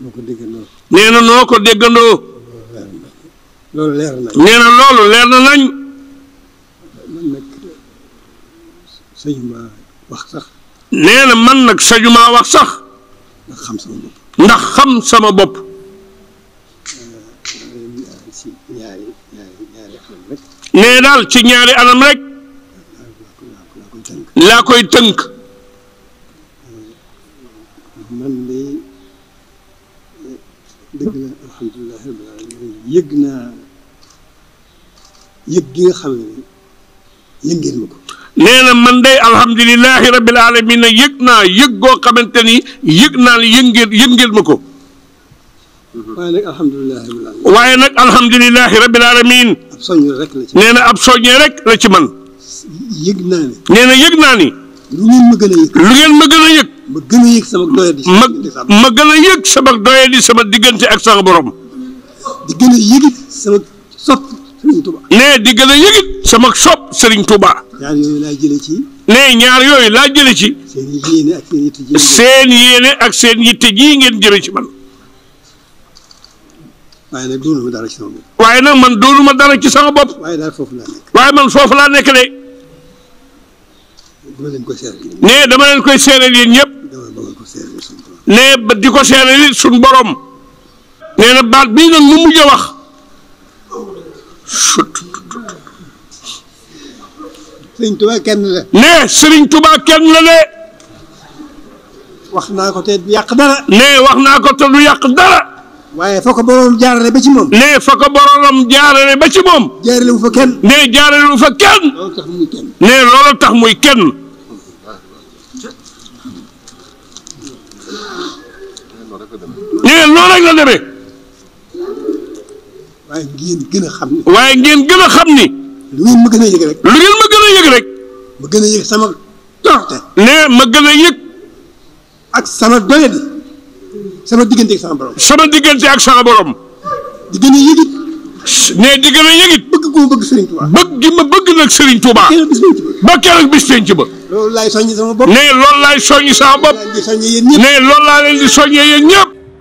noo ko déggandoo. nee na noo ko déggandoo. loolu leer na. nee na loolu leer na nañ. man nag sañuma wax nee na man nag sañuma wax sax. ndax xam sama bopp. sama bopp. nee daal ci ñaari anam rek. laa koy tënk. dëgg la alhamdulilah rabbil alamin yëg naa yëg gi nga xam ne yëg ngeen ma ko. nee na man day alhamdulilah rabbil alamin na yëg naa yëg goo xamante ni yëg naa ne yëg ngeen yëg ngeen ma ko. waaye nag alhamdulilah rabbil alamin waaye nag alhamdulilah rabbil alamin ab soññee rek la ci nee na ab soññee rek la ci man. yëg naa ni nee na yëg naa ni. lu ngeen ma gën a yëg. a yëg. ma gën a sama doyadi. a sama diggante ak sama borom. di gën a yëgit nee di gën a yëgit sama sopp Serigne Touba. ñaar yooyu laa jëlee ci. nee ñaar yooyu laa jële ci. seen yéene ak seen yitte ji. ak seen yitte ji ngeen jëlee ci man. waaye nag doonuma dara ci sama waaye nag man doonuma dara ci sama bopp. waaye daal foofu laa nekk. foofu laa de. dama leen koy seeral yéen ñëpp. dama leen koy seeral yéen ñëpp. ne di ko seeral it suñu borom. nee na baat bii nag mu mujj a wax. sëriñ Tuba kenn la. ne sëriñ Tuba kenn la wax naa ko te du yàq dara. ne wax naa ko te du yàq dara. waaye fa ko boroom jaarale ba ci moom. nee fa ko boroom jaarale ci moom. jaarale wu fa kenn. nee jaarale wu fa kenn. tax muy kenn. nee loolu tax muy gën a xam waaye ngeen gën a xam ni. lu ma gën a yëg rek. lu ma gën a yëg rek. ma gën a yëg sama ah. torte. ma gën a yëg. ak sama doyadi. sama diggante ak sama borom. sama diggante ak sama borom. di gën a yëgit. ne di gën a yëgit. bëgg ko bëgg Serigne Touba. bëgg gi ma bëgg ba keroog bis penc ba. loolu laay soññi sama bopp.